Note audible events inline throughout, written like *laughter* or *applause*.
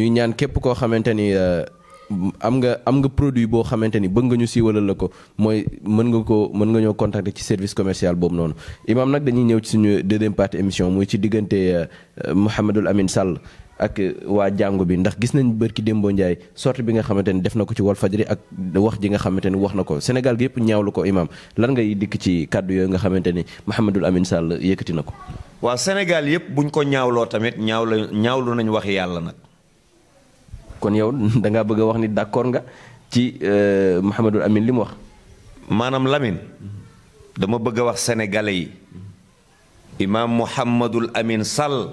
ñuy ñaan képp koo xamante ni euh, am nga am nga produit boo xamante ni bëgg nga ñu siiwalal la ko mooy mën nga ko mën nga ñoo contacter ci service commercial boobu noonu imaam nag dañuy ñëw suñu deuxième partie émission mooy ci diggante euh, Mouhamadul Amine Sall ak euh, waa jàngu bi ndax gis nañ bërki démboo Ndiaye sorte bi nga xamante ni def na ko ci Walfadjri ak wax ji nga xamante ni wax na ko Sénégal gi yëpp ñaawlu ko imaam lan ngay dikk ci kàddu yooyu nga xamante ni Mouhamadul Amine Sall yëkkati na ko. waaw Sénégal yëpp buñ wax yàlla nag. kon yow *laughs* da ngaa bëgg a wax ni d'accord nga ci euh, Mouhamadul Amine li mu wax. maanaam lamin dama bëgg a wax sénégalais yi imaam Mouhamadul Amine Sall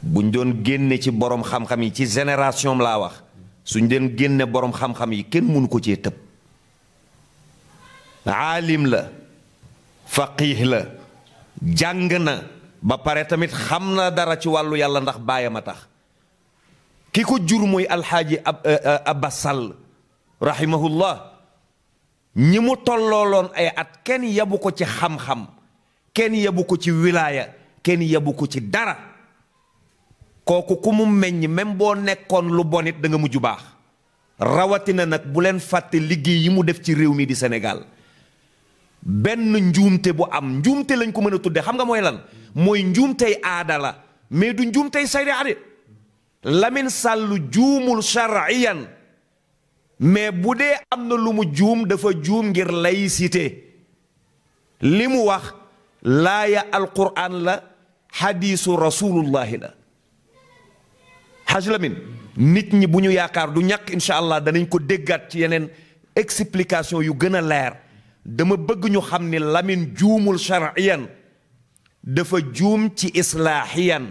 buñ doon génne ci boroom xam-xam yi ci génération laa wax suñ doon génne boroom xam-xam yi kenn mënu ko cee tëb. aalim la faqih la jàng na ba pare tamit xam na dara ci wàllu yàlla ndax baayam a tax. ki ko jur mooy alxaaji eh, eh, Abba Sall rahimahullah ñi mu tollooloon ay at kenn yabu ko ci xam-xam kenn yabu ko ci wilaaya kenn yabu ko ci dara kooku ku mu meññ même boo nekkoon lu bonit danga mujj baax rawatina nag bu leen fàtte liggéey yi mu def ci réew mi di Sénégal benn njuumte bu am njuumte lañ ko mën a tudde xam nga mooy lan mooy njuumtey aada la mais du njuumtey sayri Lamine Sall juumul shar'iyan mais bu dee am na lu mu juum dafa juum ngir laïcité li mu wax laaya alquran la xadiisu rasulullahi la haj Lamine nit ñi bu ñu yaakaar du ñàkk incha allah danañ ko déggaat ci yeneen explication yu gën a leer dama bëgg ñu xam ni lamin juumul shar'iyan dafa juum ci islaahiyan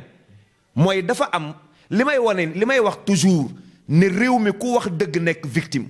mooy dafa am li may wane li may wax toujours ni réew mi ku wax dëgg nekk victime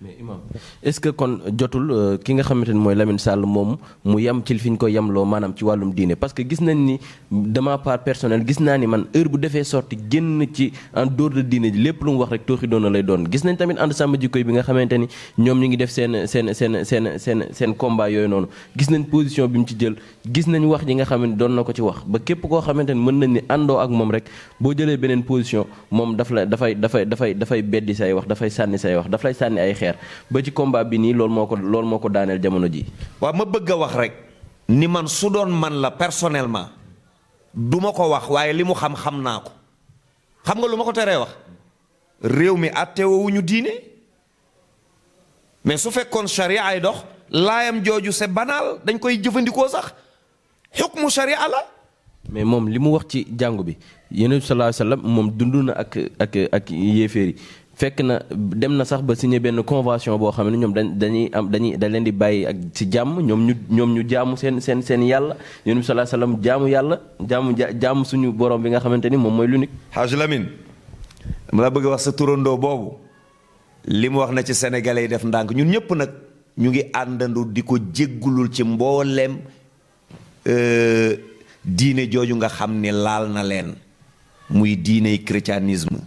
mais imam est-ce que kon jotul euh, ki nga xamante ni mooy Lamine sàll moom mu yem ci fi ñu ko yemloo maanaam ci wàllum diine parce que gis nañ ni de ma part personnelle gis naa ni man heure bu defee sorti génn ci en dehors de lépp lu mu wax rek tooxi doona lay doon gis nañ tamit ànd sàmm jikko bi nga xamante ni ñoom ñu ngi def seen seen seen seen seen seen combat yooyu noonu gis nañ position bi mu ci jël gis nañ wax ji nga xam doon na ko ci wax ba képp koo xamante ni mën nañ ni àndoo ak moom rek boo jëlee beneen position moom daf la dafay dafay dafay dafay beddi say wax dafay sànni say wax daf lay sànni ay xeet xeer ba ci combat bi nii loolu moo ko loolu moo ko daaneel jamono ji waa ma bëgg a wax rek ni man su doon man la personnellement du ma ko wax waaye li mu xam xam naa ko xam nga lu ma ko teree wax réew mi àtteewuñu diine mais su fekkoon charia ay dox laayam jooju se banal dañ koy jëfandikoo sax xukmu charia la mais moom li mu wax ci jàngu bi yonent bi moom dund na ak ak ak yéeféer fekk na dem na sax ba signé benn convention boo xam ne ñoom dañ dañuy am dañuy dañ leen di bàyyi ak ci jàmm ñoom ñu ñoom ñu jaamu seen seen seen yàlla yonent bi salaa salaam jaamu yàlla jaamu jaamu suñu borom bi nga xamante ni moom mooy l'unique. Haji Lamine ma la bëgg wax sa turandoo boobu li mu wax na ci sénégalais yi def ndànk ñun ñëpp nag ñu ngi àndandu di ko jégglul ci mbooleem euh, diine jooju nga xam ne laal na leen muy diiney christianisme.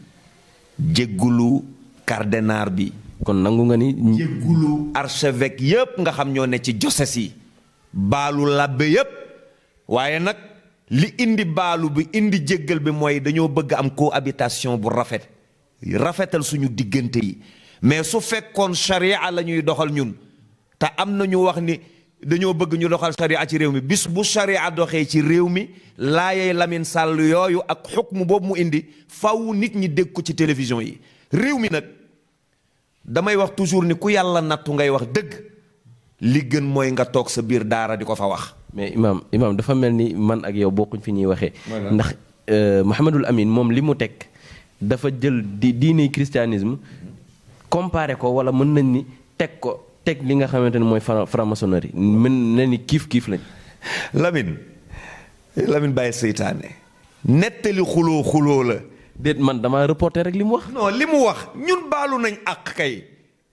jéggulu cardénar bi. kon nangu nga ni. jéggulu archevêque yépp nga xam ñoo ne ci diocèse yi. baalu làbbe yépp waaye nag li indi baalu bi indi jéggal bi mooy dañoo bëgg am cohabitation bu rafet rafetal suñu diggante yi mais su fekkoon charia la ñuy doxal ñun te am na ñu wax ni. dañoo bëgg ñu doxal sariya ci réew mi bis bu sariya doxee ci réew mi laayay Lamine Sall yooyu ak xukm boobu mu indi faw nit ñi dégg ko ci télévision yi réew mi nag damay wax toujours ni ku yàlla nattu ngay wax dëgg li gën mooy nga toog sa biir daara di ko fa wax. mais imaam imaam dafa mel ni man ak yow bokkuñ fi ñuy waxee. ndax euh, Mouhamadul Amine moom li mu teg dafa jël di diine christianisme comparé ko wala mën nañ ni teg ko. teg li nga xamante ni mooy franc-maçonnerie mën ne ni kiif kiif lañ. Lamine Lamine bàyyi seytaane. nettali xuloo xuloo la. déet man damaa reporter rek li mu wax. non li mu wax ñun baalu nañ ak kay.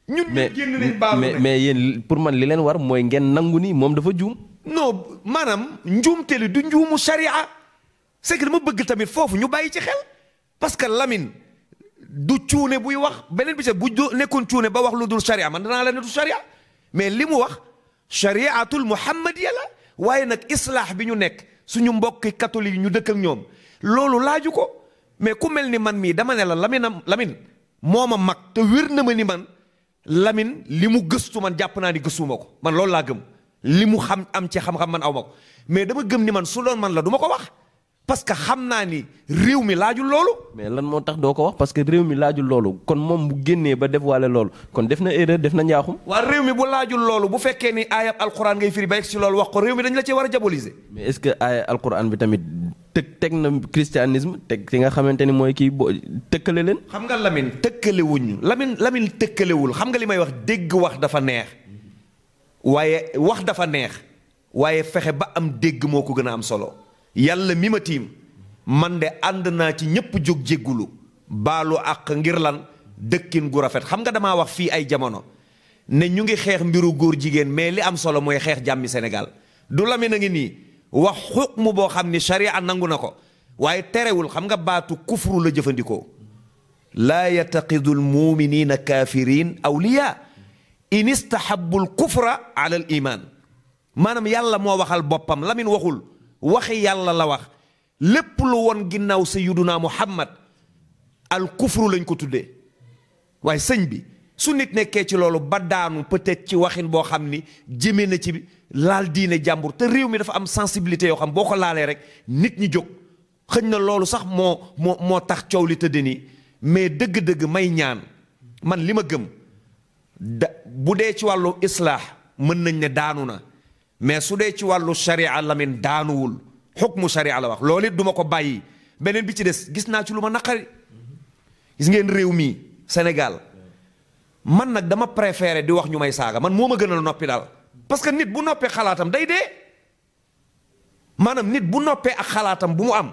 ñu mais mais yéen pour man li leen war mooy ngeen nangu nii moom dafa juum. non maanaam njuumte li du njuumu sharia c'est que dama bëgg tamit foofu ñu bàyyi ci xel parce que Lamine. du cuune buy wax beneen bi ci bu nekkoon cuune ba wax lu dul sharia man danaa la ne du sharia mais li mu wax shariatul muhammadiya la waaye nag islaax bi ñu nekk suñu mbokki catholique ñu dëkk ak ñoom loolu laaju ko mais ku mel ni man mii dama ne la laminam lamin moo ma mag te wér na ma ni man lamin li mu gëstu man jàpp naa ni gëstuma ko man loolu laa gëm li mu xam am ci xam-xam man aw ma ko mais dama gëm ni man su doon man la duma ko wax parce que xam naa ni réew mi laajul loolu. mais lan moo tax doo ko wax parce que réew mi laajul loolu kon moom bu génnee ba def waale loolu kon def na erreur def na njaaxum. waa réew mi bu laajul loolu bu fekkee ni aayab alquran ngay firi ba si loolu wax ko réew mi dañ la ci war a diaboliser. mais est ce que aaya alquran bi tamit tëg teg na christianisme teg ki nga xamante ni mooy kii boo tëkkale leen. xam nga lamin tëkkale lamin Lamine Lamine tëkkalewul xam nga li may wax dégg wax dafa neex waaye wax dafa neex waaye fexe ba am dégg moo ko gën a am solo. yàlla mi ma tiim man de ànd naa ci ñépp jóg jéggulu baalu ak ngir lan dëkkin gu rafet xam nga damaa wax fii ay jamono ne ñu ngi xeex mbiru góor jigéen mais li am solo mooy xeex jàmmi senegal du lami na ngi nii wax xuq mu boo xam ni sharia nangu na ko waaye terewul xam nga baatu kufru la jëfandikoo laa yattaqidu almuminina kaafiriin awliya in istahabu alkufra ala al iman maanaam yàlla moo waxal boppam lamin waxul waxi yàlla la wax lépp lu won ginnaaw sayyiduna muhammad al kufru lañ ko tuddee waaye sëñ bi su nit nekkee ci loolu ba daanu peut-être ci waxin boo xam ni jëmee na ci laal diine jàmbur te réew mi dafa am sensibilité yoo xam boo ko laalee rek nit ñi jóg xëñ na loolu sax moo moo moo tax coow li tëdd nii mais dëgg-dëgg may ñaan man li ma gëm da bu dee ci wàllu islaax mën nañ ne daanu na mais su dee ci wàllu sharia lamin daanuwul xukmu sharia la wax loolu duma ko bàyyi beneen bi ci des gis naa ci lu ma naqari gis ngeen réew mii Sénégal man nag dama préféré di wax ñu may saaga man moo ma gënal noppi daal parce que nit bu noppee xalaatam day dee maanaam nit bu noppee ak xalaatam bu mu am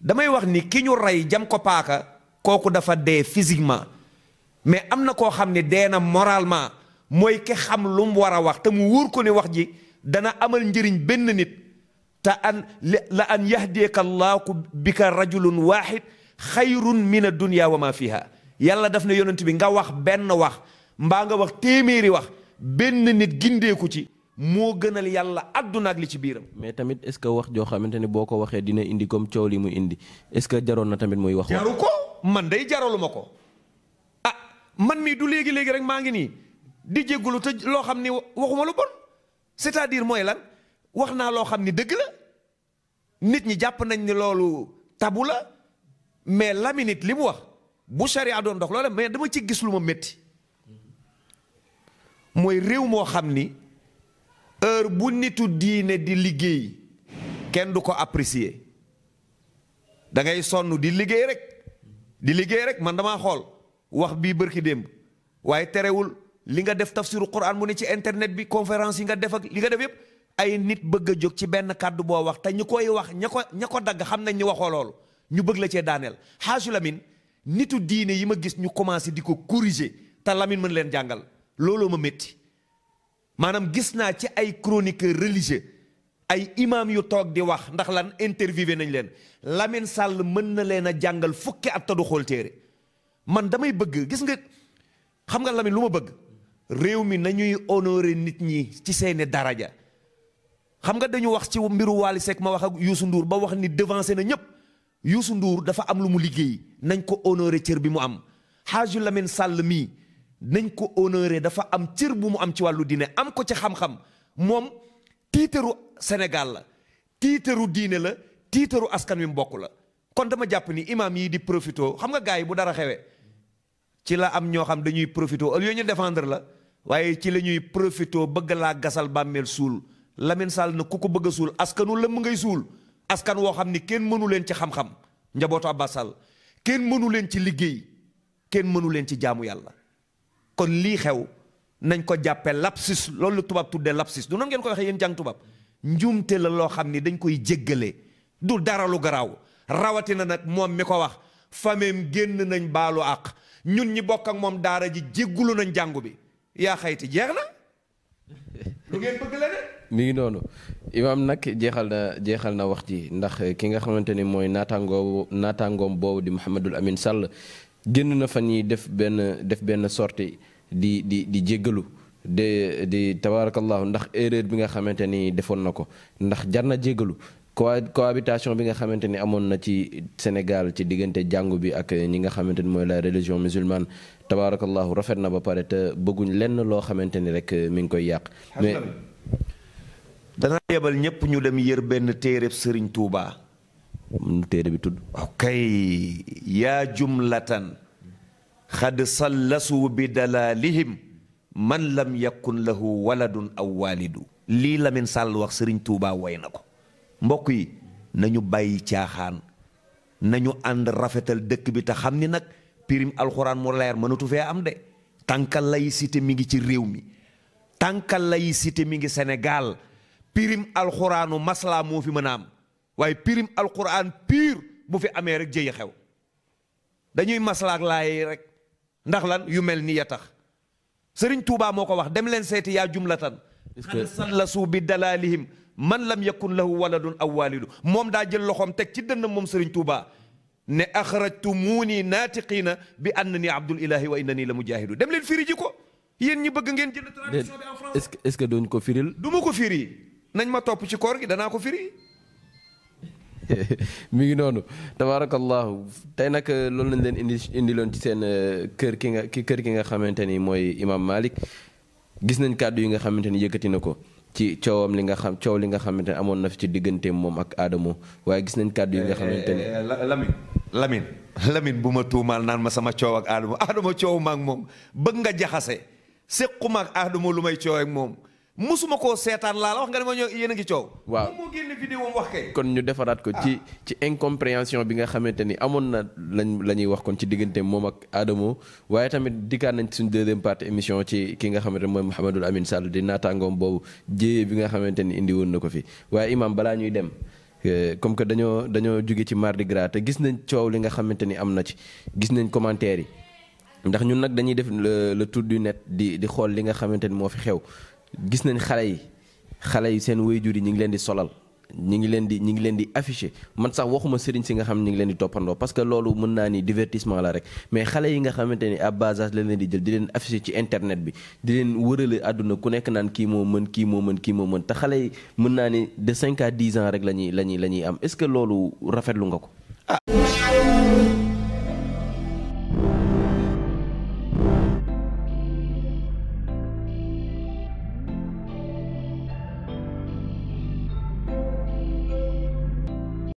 damay wax ni ki ñu rey jam ko paaka kooku dafa dee physiquement mais am na koo xam ne dee na moralement mooy ki xam lu mu war a wax te mu wóor ko ni wax ji dana amal njëriñ benn nit te an la an yahdieka allaahu bika rajulun waahid xayrun min ne dunya wa ma fiha yàlla daf ne yonent bi nga wax benn wax mbaa nga wax téeméeri wax benn nit gindeeku ci moo gënal yàlla àdduna ak li ci biiram. mais tamit est-ce que wax joo xamante ni boo ko waxee dina indi comme coow li mu indi est-ce que jaroon na tamit muy wax. jaru ko man day jaralu ma ko. ah man mii du léegi léegi rek maa ngi nii di jéggulu te loo xam ni waxuma lu c'est-à-dire mooy lan wax naa loo xam ni dëgg la nit ñi jàpp nañ ni loolu tabu la mais laminit li mu wax bu charia doon dox loola mais dama ci gis lu ma métti mooy réew moo xam ni heure bu nitu diine di liggéey kenn du ko apprécier dangay sonn di liggéey rek di liggéey rek man dama xool wax bii bërki démb waaye terewul li nga def tafsiru quran mu ne ci internet bi conférence yi nga def ak li nga def yëpp ay nit bëgg a jóg ci benn kàddu boo wax te ñu koy wax ña ko ña ko dagg xam nañ ñu waxoo loolu ñu bëgg la cee daaneel xaaju Lamine nitu diine yi ma gis ñu commencé di ko corriger te lamin mën leen jàngal looloo ma métti maanaam gis naa ci ay chroniqueur religieux ay imam yu toog di wax ndax lan interviewé nañ leen Lamine Sall mën na leen a jàngal fukki at te du xool téere man damay bëgg gis nga xam nga Lamine lu ma bëgg réew mi nañuy honorer nit ñi ci seeni daraja xam nga dañu wax ci mbiru Wally Seck ma wax ak Youssou Ndour ba wax ni devancé na ñëpp yuusu nduur dafa am lu mu liggéey nañ ko honorer cër bi mu am Hadji Sall mii nañ ko honorer dafa am cër bu mu am ci wàllu diine am ko ci xam-xam moom tiitaru Sénégal la tiitaru diine la tiitaru askan wi mbokk la kon dama jàpp ni imaam yi di profito xam nga gars yi bu dara xewee ci la am ñoo xam dañuy profité au lieu ñu défendre la waaye ci la ñuy profité bëgg laa gasal bàmmeel suul lamin Sall na ku ko bëgg suul askanu lëmm ngay suul askan woo xam ni kenn mënu leen ci xam-xam njabootu Abbas kenn mënu leen ci liggéey kenn mënu leen ci jaamu yàlla kon lii xew nañ ko jàppee lapsus loolu la tubaab tuddee lapsus du noonu ngeen ko waxee yéen jàng tubaab njuumte la loo xam ni dañ koy jéggale du dara lu garaaw rawatina nag moom mi ko wax fameem génn nañ baalu àq ñun ñi bokk ak moom daara ji jéggulu nañ jàngu bi yaa xayti jeex na lu ngeen bëgg la de mi ngi noonu imaam nag jeexal na jeexal na wax ji ndax ki nga xamante ni mooy naataangoo naataangoom boobu di Mouhamadul Amin Sall génn na fa yi def benn def benn sortie di di di jéggalu de di tabaarakallaahu ndax erreur bi nga xamante ni defoon na ko ndax jar na jéggalu cohabitation bi nga xamante ni amoon na ci Sénégal ci diggante jàngu bi ak ñi nga xamante ni mooy la religion musulmane tabaarakallahu rafet na ba pare te bëgguñ lenn loo xamante ni rek mi ngi koy yàq. mais dana yebal ñëpp ñu dem yër benn téereb sëriñ Touba. téere bi tudd. ok yaa jumlatan xad sallasu bi dalalihim man lam yakun lahu waladun aw walidu lii lamin Sall wax Serigne Touba woy na ko. mbokk yi nañu bàyyi caaxaan nañu ànd rafetal dëkk bi te xam ni nag pirim alxuraan mu leer mënatu fee am de tànka laïcité mi ngi ci réew mi lay laïcité mi ngi senegaal pirim alxuraanu maslaa moo fi mën a am waaye pirim alxuraan piir bu fi amee rek jëye xew dañuy maslaak laay rek ndax lan yu mel ni ya tax sëriñ Tuubaa moo ko wax dem leen seeti yaa jumlatan xan sallasu bi dalalihim man lam yakun lahu waladun aw waalidu moom daa jël loxoom teg ci dënn moom Serigne Touba ne axrajtumuuni naatiqiina bi annani abdul ilahi wa innani la mujaahidu dem leen firi ji ko yéen ñi bëgg ngeen jël traduction bi en français est-ce que dooñu ko firil du ma ko firi nañ ma topp ci koor gi danaa ko firi *laughs* mu ngi noonu tabaarakallaahu tey nag euh, loolu lañ leen indi indiloon ci seen euh, kër ki nga kër ki nga xamante ni mooy imaam Malick gis nañ kàddu yi nga xamante ni yëkkati na ko ci coowam li nga xam coow li nga xamante ne amoon na fi ci digganteem moom ak Adamo waaye gis nañ kàddu yi nga xamante ne eh, eh, eh, Lamine Lamine Lamine bu ma tuumaal naan ma sama coow ak Adamo Adamo coow ma ak moom bëgg nga jaxase séquma ak Adamo lu may coow ak moom mosuma ko seetaan laa la wax nga ne ma yéen a ngi coow. waaw kon ñu defaraat ko ci ah. ci incompréhension bi nga xamante ni amoon na lañ la ñuy wax kon ci diggante moom ak Adamo waaye tamit dikkaat nañ suñ suñu deuxième partie émission ci ki nga xamante ne mooy Mouhamadul Amine Sall di naataangoom boobu jéeye bi nga xamante ni indi woon na ko fi waaye Imaam balaa ñuy dem. Euh, comme que dañoo dañoo jóge ci mardi gras te gis nañ coow li nga xamante ni am na ci gis nañ commentaire yi ndax ñun nag dañuy def le tour du net di di xool li nga xamante ni moo fi xew gis nañ xale yi xale yi seen wayjur yi ñu ngi leen di solal ñu ngi leen di ñu ngi leen di afficher man sax waxuma sëriñ si nga xam ñu ngi leen di toppandoo parce que loolu mën naa ni divertissement la rek mais xale yi nga xamante ni à bas âge la leen di jël di leen afficher ci internet bi di leen wërale àdduna ku nekk naan kii moo mën kii moo mën kii moo mën te xale yi mën naa ni de 5 à 10 ans rek la ñuy la ñuy am est-ce que loolu rafetlu nga ko ah.